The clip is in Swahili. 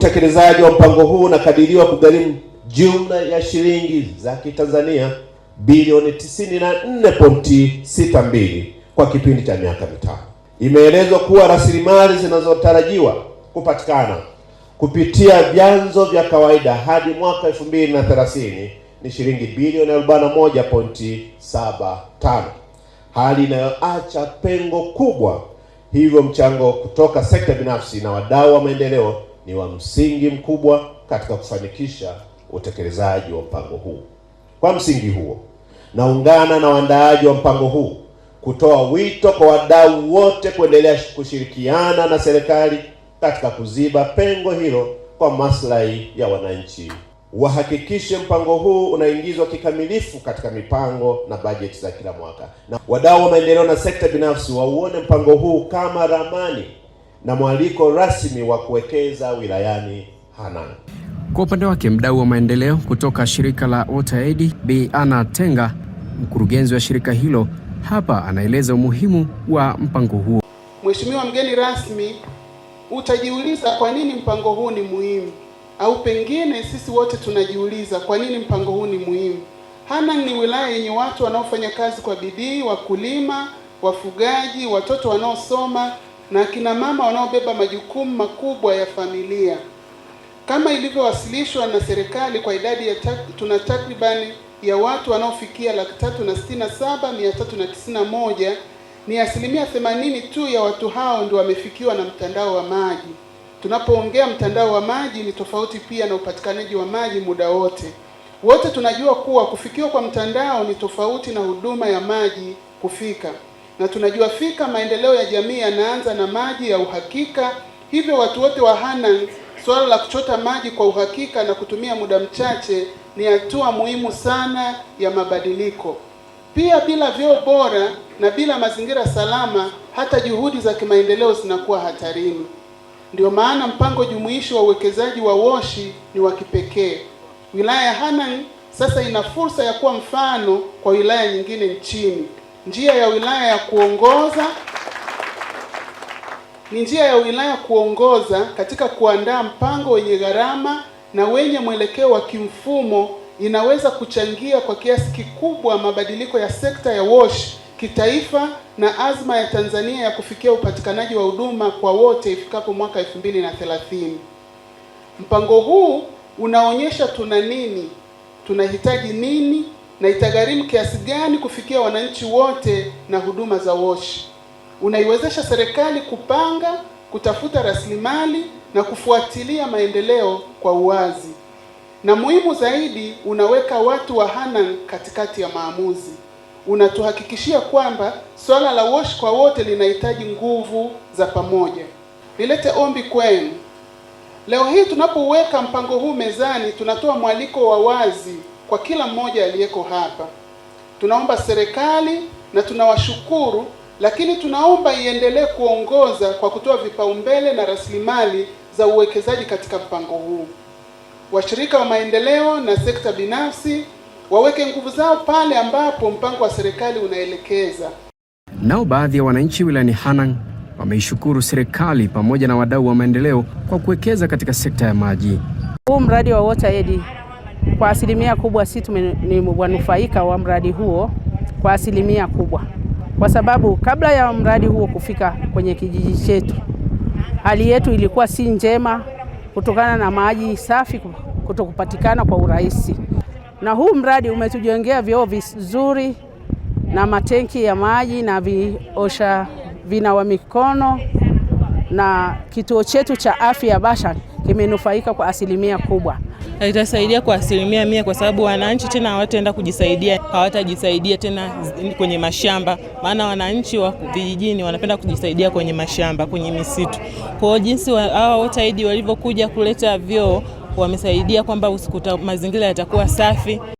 Utekelezaji wa mpango huu unakadiriwa kugharimu jumla ya shilingi za Kitanzania bilioni 94.62 kwa kipindi cha miaka mitano. Imeelezwa kuwa rasilimali zinazotarajiwa kupatikana kupitia vyanzo vya kawaida hadi mwaka 2030 ni shilingi bilioni 41.75, hali inayoacha pengo kubwa, hivyo mchango kutoka sekta binafsi na wadau wa maendeleo ni wa msingi mkubwa katika kufanikisha utekelezaji wa mpango huu. Kwa msingi huo, naungana na waandaaji wa mpango huu kutoa wito kwa wadau wote kuendelea kushirikiana na serikali katika kuziba pengo hilo kwa maslahi ya wananchi. Wahakikishe mpango huu unaingizwa kikamilifu katika mipango na bajeti za kila mwaka, na wadau wa maendeleo na sekta binafsi wauone mpango huu kama ramani na mwaliko rasmi wa kuwekeza wilayani Hanang. Kwa upande wake, mdau wa maendeleo kutoka shirika la WaterAid Bi Anna Tenga, mkurugenzi wa shirika hilo, hapa anaeleza umuhimu wa mpango huo. Mheshimiwa mgeni rasmi, utajiuliza kwa nini mpango huu ni muhimu, au pengine sisi wote tunajiuliza kwa nini mpango huu ni muhimu. Hanang ni wilaya yenye watu wanaofanya kazi kwa bidii, wakulima, wafugaji, watoto wanaosoma na akina mama wanaobeba majukumu makubwa ya familia kama ilivyowasilishwa na serikali kwa idadi ya tak, tuna takribani ya watu wanaofikia laki tatu na sitini na saba mia tatu na tisini na moja. Ni asilimia themanini tu ya watu hao ndio wamefikiwa na mtandao wa maji. Tunapoongea mtandao wa maji, ni tofauti pia na upatikanaji wa maji muda wote. Wote tunajua kuwa kufikiwa kwa mtandao ni tofauti na huduma ya maji kufika na tunajua fika maendeleo ya jamii yanaanza na maji ya uhakika. Hivyo watu wote wa Hanang', suala la kuchota maji kwa uhakika na kutumia muda mchache ni hatua muhimu sana ya mabadiliko. Pia bila vyoo bora na bila mazingira salama, hata juhudi za kimaendeleo zinakuwa hatarini. Ndio maana mpango jumuishi wa uwekezaji wa Woshi ni wa kipekee. Wilaya ya Hanang' sasa ina fursa ya kuwa mfano kwa wilaya nyingine nchini. Njia ya wilaya ya kuongoza ni njia ya wilaya kuongoza katika kuandaa mpango wenye gharama na wenye mwelekeo wa kimfumo, inaweza kuchangia kwa kiasi kikubwa mabadiliko ya sekta ya WASH kitaifa na azma ya Tanzania ya kufikia upatikanaji wa huduma kwa wote ifikapo mwaka 2030. Mpango huu unaonyesha tuna nini, tunahitaji nini na itagharimu kiasi gani kufikia wananchi wote na huduma za WOSH. Unaiwezesha serikali kupanga, kutafuta rasilimali na kufuatilia maendeleo kwa uwazi, na muhimu zaidi, unaweka watu wa Hanang' katikati ya maamuzi. Unatuhakikishia kwamba swala la WOSH kwa wote linahitaji nguvu za pamoja. Nilete ombi kwenu leo hii, tunapoweka mpango huu mezani, tunatoa mwaliko wa wazi kwa kila mmoja aliyeko hapa. Tunaomba serikali na tunawashukuru, lakini tunaomba iendelee kuongoza kwa kutoa vipaumbele na rasilimali za uwekezaji katika mpango huu. Washirika wa maendeleo na sekta binafsi waweke nguvu zao pale ambapo mpango wa serikali unaelekeza. Nao baadhi ya wananchi wilayani Hanang wameishukuru serikali pamoja na wadau wa maendeleo kwa kuwekeza katika sekta ya maji. Huu mradi wa WaterAid kwa asilimia kubwa sisi ni wanufaika wa mradi huo kwa asilimia kubwa, kwa sababu kabla ya mradi huo kufika kwenye kijiji chetu, hali yetu ilikuwa si njema kutokana na maji safi kutokupatikana kwa urahisi, na huu mradi umetujengea vyoo vizuri na matenki ya maji na viosha vinawa mikono na kituo chetu cha afya Bashan kimenufaika kwa asilimia kubwa itasaidia kwa asilimia mia, kwa sababu wananchi tena hawataenda kujisaidia, hawatajisaidia tena kwenye mashamba, maana wananchi wa vijijini wanapenda kujisaidia kwenye mashamba, kwenye misitu. Kwa hiyo jinsi hawa water walivyokuja kuleta vyoo, wamesaidia kwamba mazingira yatakuwa safi.